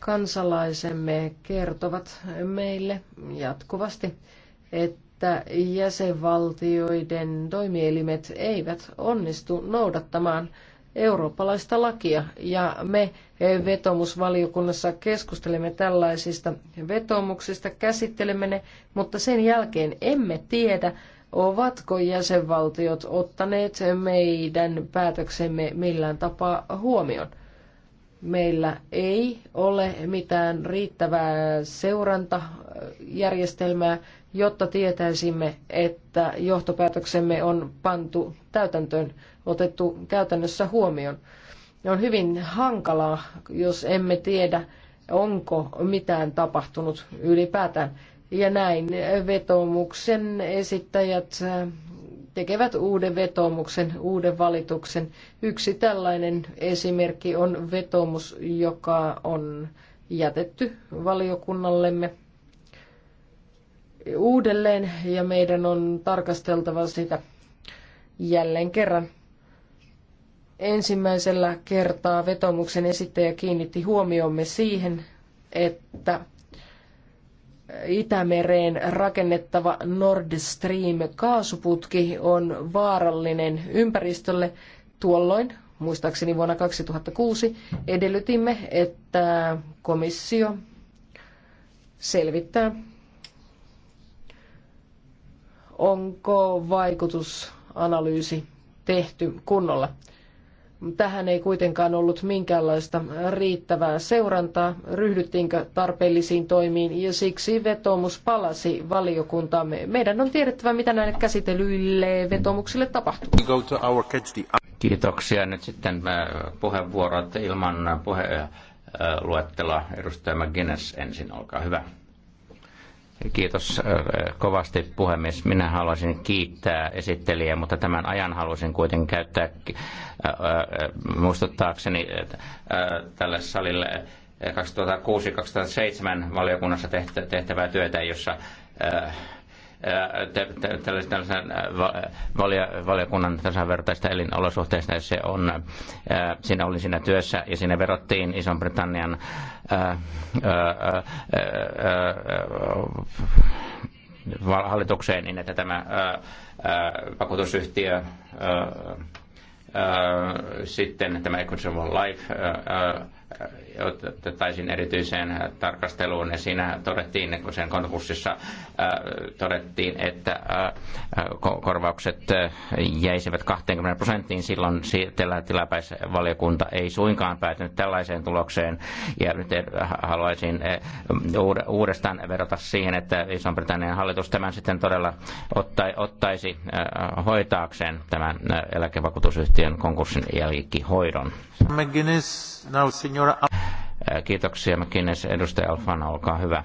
Kansalaisemme kertovat meille jatkuvasti, että että jäsenvaltioiden toimielimet eivät onnistu noudattamaan eurooppalaista lakia ja me vetomusvaliokunnassa keskustelemme tällaisista vetomuksista, käsittelemme ne, mutta sen jälkeen emme tiedä, ovatko jäsenvaltiot ottaneet meidän päätöksemme millään tapaa huomioon meillä ei ole mitään riittävää seurantajärjestelmää, jotta tietäisimme, että johtopäätöksemme on pantu täytäntöön, otettu käytännössä huomioon. On hyvin hankalaa, jos emme tiedä, onko mitään tapahtunut ylipäätään. Ja näin vetomuksen esittäjät tekevät uuden vetomuksen, uuden valituksen. Yksi tällainen esimerkki on vetomus, joka on jätetty valiokunnallemme uudelleen ja meidän on tarkasteltava sitä jälleen kerran. Ensimmäisellä kertaa vetomuksen esittäjä kiinnitti huomiomme siihen, että Itämereen rakennettava Nord Stream kaasuputki on vaarallinen ympäristölle. Tuolloin, muistaakseni vuonna 2006, edellytimme, että komissio selvittää, onko vaikutusanalyysi tehty kunnolla. Tähän ei kuitenkaan ollut minkäänlaista riittävää seurantaa, ryhdyttiinkö tarpeellisiin toimiin ja siksi vetoomus palasi valiokuntaamme. Meidän on tiedettävä, mitä näille käsitellyille vetoomuksille tapahtuu. Kiitoksia. Nyt sitten äh, puheenvuorot ilman puheluettelua. Äh, Edustaja McGuinness ensin, olkaa hyvä. Kiitos äh, kovasti puhemies. Minä haluaisin kiittää esittelijää, mutta tämän ajan haluaisin kuitenkin käyttää äh, äh, muistuttaakseni tälle salille 2006-2007 valiokunnassa tehtävää työtä, jossa tällaisen valiokunnan tasavertaista elinolosuhteista. Se on, siinä oli siinä työssä ja siinä verottiin iso britannian hallitukseen niin, että tämä vakuutusyhtiö sitten tämä Equitable Life otettaisiin erityiseen tarkasteluun. Siinä todettiin, kun sen konkurssissa äh, todettiin, että äh, korvaukset äh, jäisivät 20 prosenttiin. Silloin tilapäisvaliokunta ei suinkaan päätynyt tällaiseen tulokseen. Ja nyt eh, haluaisin eh, uudestaan verrata siihen, että Iso-Britannian hallitus tämän sitten todella ottaisi eh, hoitaakseen tämän eläkevakuutusyhtiön konkurssin jälkihoidon. McGuinness, now Kiitoksia McKinnes. Edustaja Alfano, olkaa hyvä.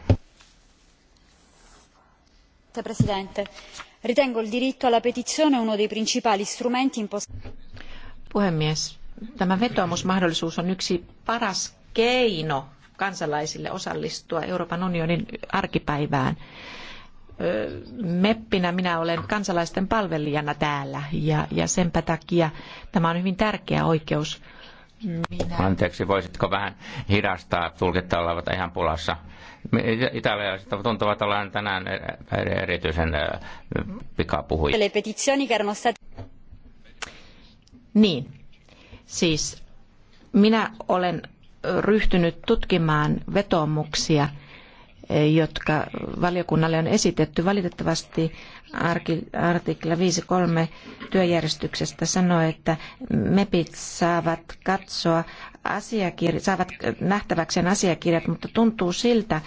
Puhemies, tämä vetoomusmahdollisuus on yksi paras keino kansalaisille osallistua Euroopan unionin arkipäivään. Meppinä minä olen kansalaisten palvelijana täällä ja, ja senpä takia tämä on hyvin tärkeä oikeus minä. Anteeksi, voisitko vähän hidastaa? Tulkittaa olevat ihan pulassa. Italialaiset tuntuvat olevan tänään e- e- erityisen e- pikapuhujia. Niin, siis minä olen ryhtynyt tutkimaan vetomuksia – jotka valiokunnalle on esitetty. Valitettavasti artikla 5.3 työjärjestyksestä sanoo, että MEPit saavat katsoa asiakir saavat nähtäväkseen asiakirjat, mutta tuntuu siltä,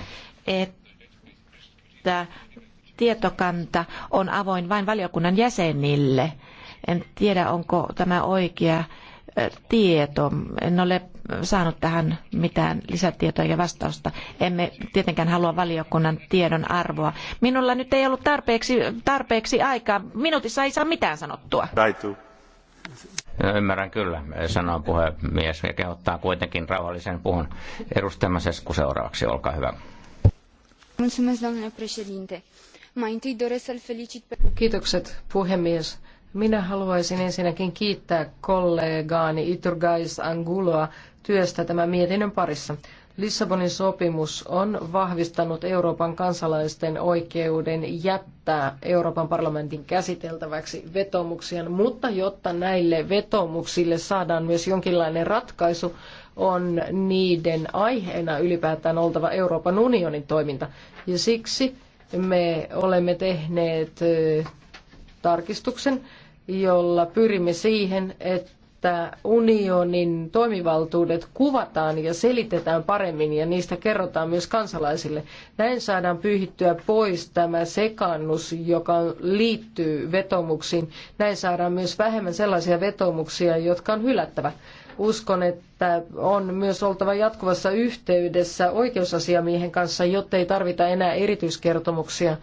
että tietokanta on avoin vain valiokunnan jäsenille. En tiedä, onko tämä oikea tieto. En ole saanut tähän mitään lisätietoa ja vastausta. Emme tietenkään halua valiokunnan tiedon arvoa. Minulla nyt ei ollut tarpeeksi, tarpeeksi aikaa. Minuutissa ei saa mitään sanottua. Taituu. Ymmärrän kyllä, sanoo puhemies ja kehottaa kuitenkin rauhallisen puhun. Edustajamme Sesku seuraavaksi, olkaa hyvä. Kiitokset puhemies. Minä haluaisin ensinnäkin kiittää kollegaani Iturgais Anguloa työstä tämän mietinnön parissa. Lissabonin sopimus on vahvistanut Euroopan kansalaisten oikeuden jättää Euroopan parlamentin käsiteltäväksi vetomuksia, mutta jotta näille vetomuksille saadaan myös jonkinlainen ratkaisu, on niiden aiheena ylipäätään oltava Euroopan unionin toiminta. Ja siksi me olemme tehneet tarkistuksen, jolla pyrimme siihen, että että unionin toimivaltuudet kuvataan ja selitetään paremmin ja niistä kerrotaan myös kansalaisille. Näin saadaan pyyhittyä pois tämä sekannus, joka liittyy vetomuksiin. Näin saadaan myös vähemmän sellaisia vetomuksia, jotka on hylättävä. Uskon, että on myös oltava jatkuvassa yhteydessä oikeusasiamiehen kanssa, jottei tarvita enää erityiskertomuksia,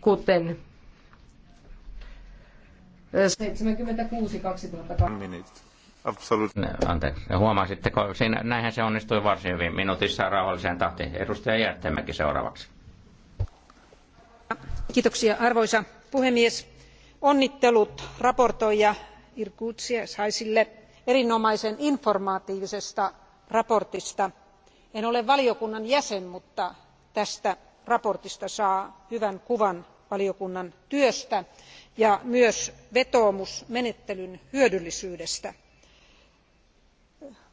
kuten 76 2002. Absolutely. Anteeksi. Huomasitteko, siinä, näinhän se onnistui varsin hyvin minuutissa rauhalliseen tahtiin. Edustaja Jättemäki seuraavaksi. Kiitoksia arvoisa puhemies. Onnittelut raportoija Irkutsia Saisille erinomaisen informatiivisesta raportista. En ole valiokunnan jäsen, mutta tästä raportista saa hyvän kuvan valiokunnan työstä ja myös vetoomusmenettelyn hyödyllisyydestä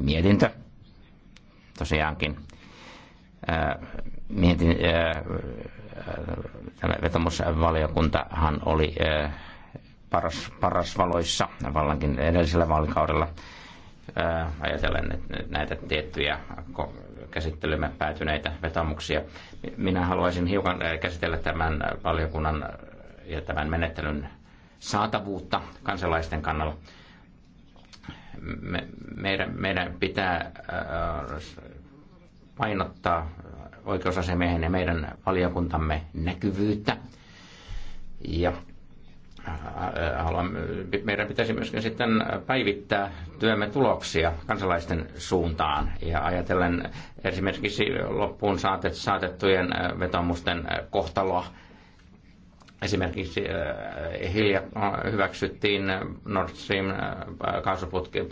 mietintö tosiaankin. Mietin, äh, vetomusvaliokuntahan oli paras, paras valoissa vallankin edellisellä vaalikaudella ajatellen näitä tiettyjä käsittelymme päätyneitä vetomuksia. Minä haluaisin hiukan käsitellä tämän valiokunnan ja tämän menettelyn saatavuutta kansalaisten kannalla me, meidän, meidän pitää äh, painottaa oikeusasemiehen ja meidän valiokuntamme näkyvyyttä. Ja äh, haluan, meidän pitäisi myöskin sitten päivittää työmme tuloksia kansalaisten suuntaan ja ajatellen esimerkiksi loppuun saatettujen äh, vetomusten kohtaloa Esimerkiksi äh, hilja äh, hyväksyttiin Nord Stream äh,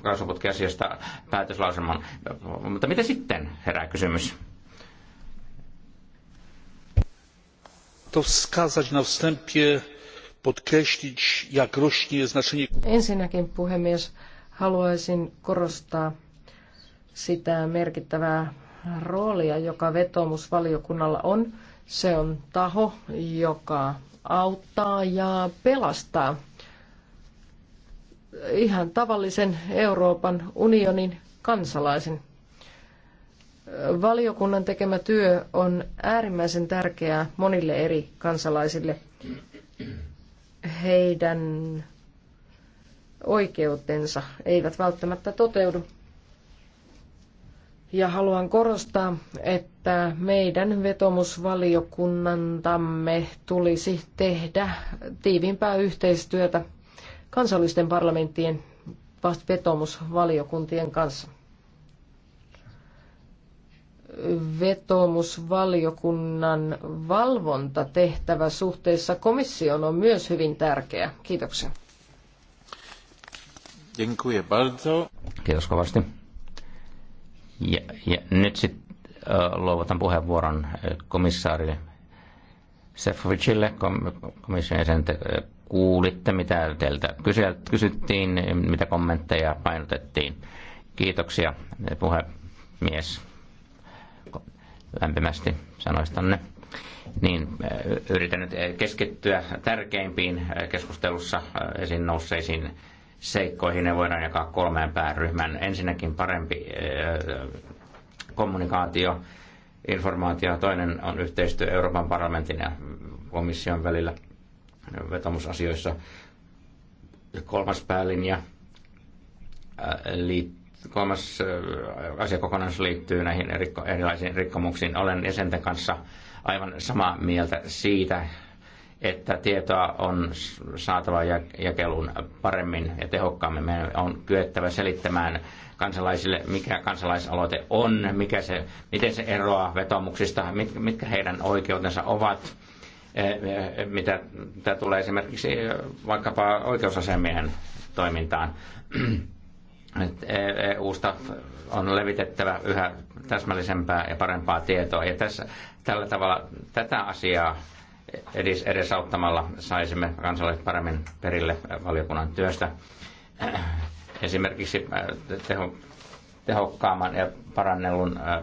kaasuputkiasiasta päätöslauselman. Mutta mitä sitten, herää kysymys. To wskazać na wstępie, podkreślić, jak rośnie znaczenie... Ensinnäkin, puhemies, haluaisin korostaa sitä merkittävää roolia, joka vetomusvaliokunnalla on. Se on taho, joka auttaa ja pelastaa ihan tavallisen Euroopan unionin kansalaisen. Valiokunnan tekemä työ on äärimmäisen tärkeää monille eri kansalaisille. Heidän oikeutensa eivät välttämättä toteudu ja haluan korostaa, että meidän vetomusvaliokunnantamme tulisi tehdä tiiviimpää yhteistyötä kansallisten parlamenttien vetomusvaliokuntien kanssa. Vetomusvaliokunnan valvontatehtävä suhteessa komissioon on myös hyvin tärkeä. Kiitoksia. Kiitos kovasti. Ja, ja nyt sitten luovutan puheenvuoron komissaarille Sefovicille, komission jäsentä. Kuulitte, mitä teiltä kysyttiin, mitä kommentteja painotettiin. Kiitoksia puhemies lämpimästi sanoistanne. Niin, yritän nyt keskittyä tärkeimpiin keskustelussa esiin nousseisiin seikkoihin. Ne voidaan jakaa kolmeen pääryhmään. Ensinnäkin parempi eh, kommunikaatio, informaatio. Toinen on yhteistyö Euroopan parlamentin ja komission välillä vetomusasioissa. Kolmas päälinja, eh, kolmas eh, asiakokonaisuus liittyy näihin erilaisiin rikkomuksiin. Olen jäsenten kanssa aivan samaa mieltä siitä, että tietoa on saatava jakelun paremmin ja tehokkaammin. Meidän on kyettävä selittämään kansalaisille, mikä kansalaisaloite on, mikä se, miten se eroaa vetomuksista, mit, mitkä heidän oikeutensa ovat, eh, eh, mitä, mitä tulee esimerkiksi eh, vaikkapa oikeusasemien toimintaan. EU-sta e on levitettävä yhä täsmällisempää ja parempaa tietoa. Ja tässä, tällä tavalla tätä asiaa edes, edesauttamalla saisimme kansalaiset paremmin perille äh, valiokunnan työstä. Esimerkiksi äh, teho, tehokkaamman ja parannellun äh,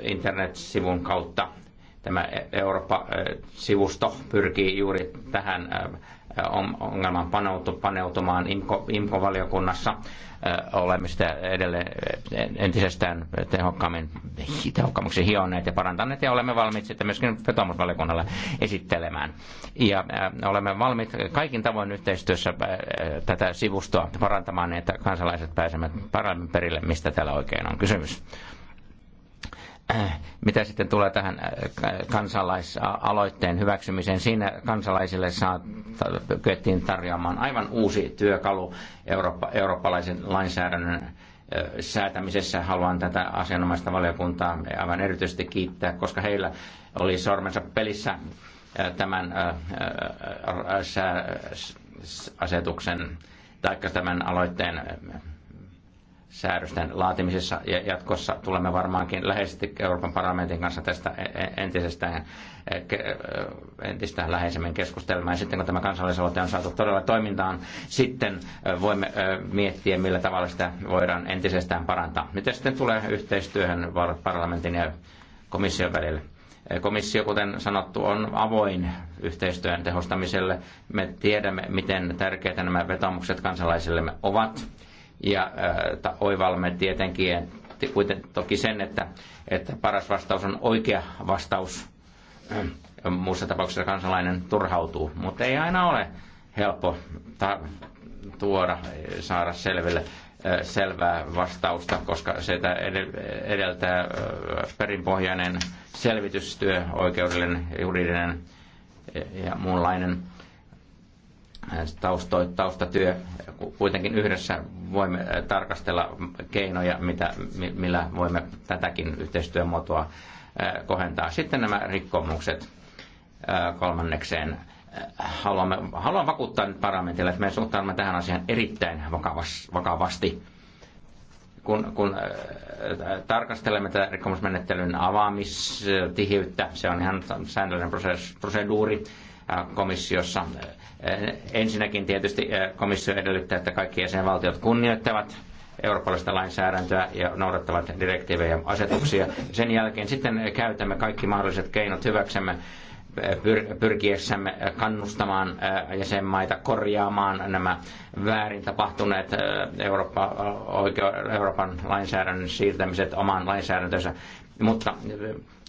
internetsivun kautta tämä e-, Eurooppa-sivusto pyrkii juuri tähän ongelman paneutu, paneutumaan IMKO, IMKO-valiokunnassa. Olemme sitä edelleen entisestään tehokkaammin, tehokkaammaksi hioneet ja parantaneet ja olemme valmiit sitten myöskin vetomusvaliokunnalle esittelemään. Ja olemme valmiit kaikin tavoin yhteistyössä tätä sivustoa parantamaan niin, että kansalaiset pääsevät paremmin perille, mistä täällä oikein on kysymys. mitä sitten tulee tähän äh, kansalaisaloitteen hyväksymiseen, siinä kansalaisille saa, kyettiin tarjoamaan aivan uusi työkalu eurooppa, eurooppalaisen lainsäädännön äh, säätämisessä. Haluan tätä asianomaista valiokuntaa aivan erityisesti kiittää, koska heillä oli sormensa pelissä äh, tämän asetuksen tai tämän aloitteen säädösten laatimisessa ja jatkossa tulemme varmaankin läheisesti Euroopan parlamentin kanssa tästä entisestään, eh, eh, entistä läheisemmin keskustelemaan. sitten kun tämä kansallisaloite on saatu todella toimintaan, sitten eh, voimme miettiä, millä tavalla sitä voidaan entisestään parantaa. Miten sitten tulee yhteistyöhön parlamentin ja komission välillä? Komissio, kuten sanottu, on avoin yhteistyön tehostamiselle. Me tiedämme, miten tärkeitä nämä vetomukset kansalaisillemme ovat ja ää, oivallamme tietenkin kuiten, toki sen, että, että paras vastaus on oikea vastaus. Muussa tapauksessa kansalainen turhautuu, mutta ei aina ole helppo ta- tuoda, saada selville selvää vastausta, koska se edeltää perinpohjainen selvitystyö, oikeudellinen, juridinen ja muunlainen tausto, taustatyö. Kuitenkin yhdessä voimme tarkastella keinoja, mitä, millä voimme tätäkin yhteistyömuotoa kohentaa. Sitten nämä rikkomukset kolmannekseen. Haluamme, haluan vakuuttaa nyt parlamentille, että me suhtaudumme tähän asiaan erittäin vakavasti. Kun, kun tarkastelemme tätä rikkomusmenettelyn avaamistihiyttä, se on ihan säännöllinen proseduuri komissiossa, Eh, ensinnäkin tietysti eh, komissio edellyttää, että kaikki jäsenvaltiot kunnioittavat eurooppalaista lainsäädäntöä ja noudattavat direktiivejä ja asetuksia. Sen jälkeen sitten käytämme kaikki mahdolliset keinot hyväksemme eh, pyrkiessämme kannustamaan jäsenmaita korjaamaan nämä väärin tapahtuneet Eurooppa, Euroopan lainsäädännön siirtämiset omaan lainsäädäntönsä. Mutta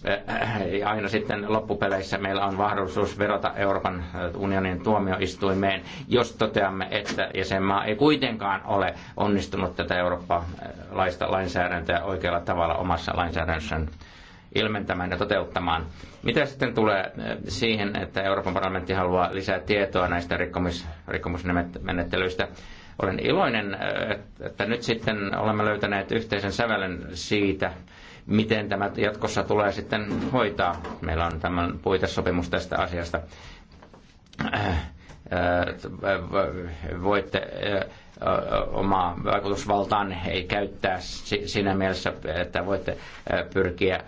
ja äh, aina sitten loppupeleissä meillä on mahdollisuus verota Euroopan äh, unionin tuomioistuimeen, jos toteamme, että jäsenmaa ei kuitenkaan ole onnistunut tätä eurooppalaista lainsäädäntöä oikealla tavalla omassa lainsäädännössään ilmentämään ja toteuttamaan. Mitä sitten tulee äh, siihen, että Euroopan parlamentti haluaa lisää tietoa näistä rikkomus, rikkomusmenettelyistä? Olen iloinen, että nyt sitten olemme löytäneet yhteisen sävelen siitä, miten tämä jatkossa tulee sitten hoitaa. Meillä on tämän puitesopimus tästä asiasta. Äh, äh, voitte äh, omaa vaikutusvaltaan ei käyttää siinä mielessä, että voitte pyrkiä,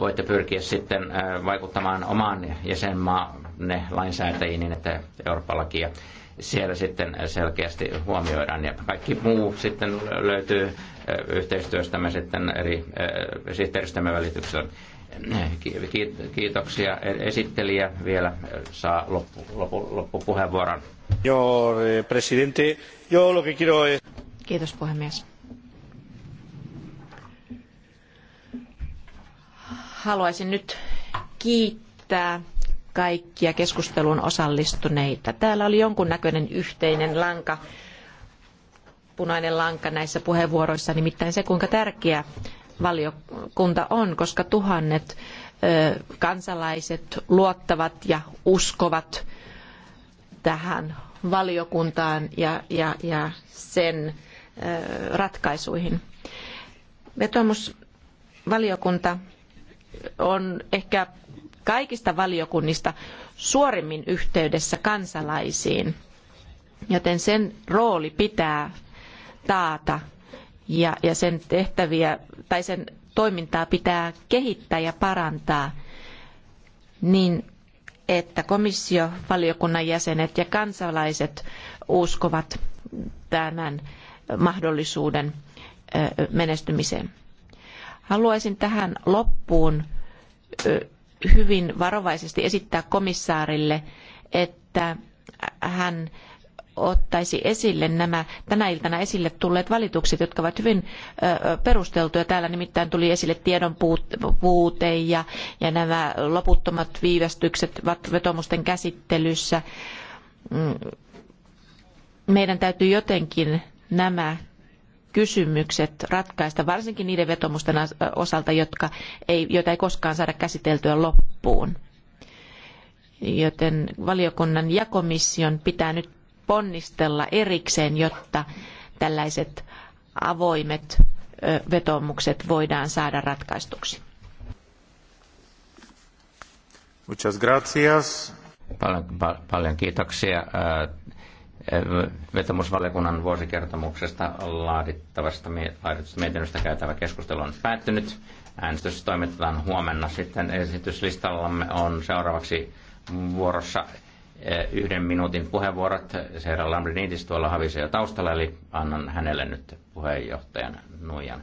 voitte pyrkiä sitten vaikuttamaan omaan jäsenmaanne lainsäätäjiin niin, että Euroopan siellä sitten selkeästi huomioidaan. Ja kaikki muu sitten löytyy Eh, yhteistyöstämme sitten eri eh, sihteeristömme välityksellä. Kiitoksia e-, esittelijä vielä eh, saa loppu, loppu, loppupuheenvuoron. presidentti. Kiitos puhemies. Haluaisin nyt kiittää kaikkia keskusteluun osallistuneita. Täällä oli jonkunnäköinen yhteinen lanka punainen lanka näissä puheenvuoroissa, nimittäin se, kuinka tärkeä valiokunta on, koska tuhannet kansalaiset luottavat ja uskovat tähän valiokuntaan ja, ja, ja sen ratkaisuihin. Vetoomusvaliokunta on ehkä kaikista valiokunnista suorimmin yhteydessä kansalaisiin, joten sen rooli pitää taata ja, ja sen tehtäviä tai sen toimintaa pitää kehittää ja parantaa niin, että komissio, valiokunnan jäsenet ja kansalaiset uskovat tämän mahdollisuuden menestymiseen. Haluaisin tähän loppuun hyvin varovaisesti esittää komissaarille, että hän ottaisi esille nämä tänä iltana esille tulleet valitukset, jotka ovat hyvin perusteltuja. Täällä nimittäin tuli esille tiedon puute ja, ja nämä loputtomat viivästykset vetomusten käsittelyssä. Mm, meidän täytyy jotenkin nämä kysymykset ratkaista, varsinkin niiden vetomusten osalta, jotka ei, joita ei koskaan saada käsiteltyä loppuun joten valiokunnan ja komission pitää nyt ponnistella erikseen, jotta tällaiset avoimet vetomukset voidaan saada ratkaistuksi. Muchas gracias. Paljon, pa, paljon kiitoksia vetomusvaliokunnan vuosikertomuksesta laadittavasta mietinnöstä käytävä keskustelu on päättynyt. Äänestys toimitetaan huomenna. Sitten esityslistallamme on seuraavaksi vuorossa Eh, yhden minuutin puheenvuorot. Seera Lambrinidis tuolla havisee jo taustalla, eli annan hänelle nyt puheenjohtajan nuijan.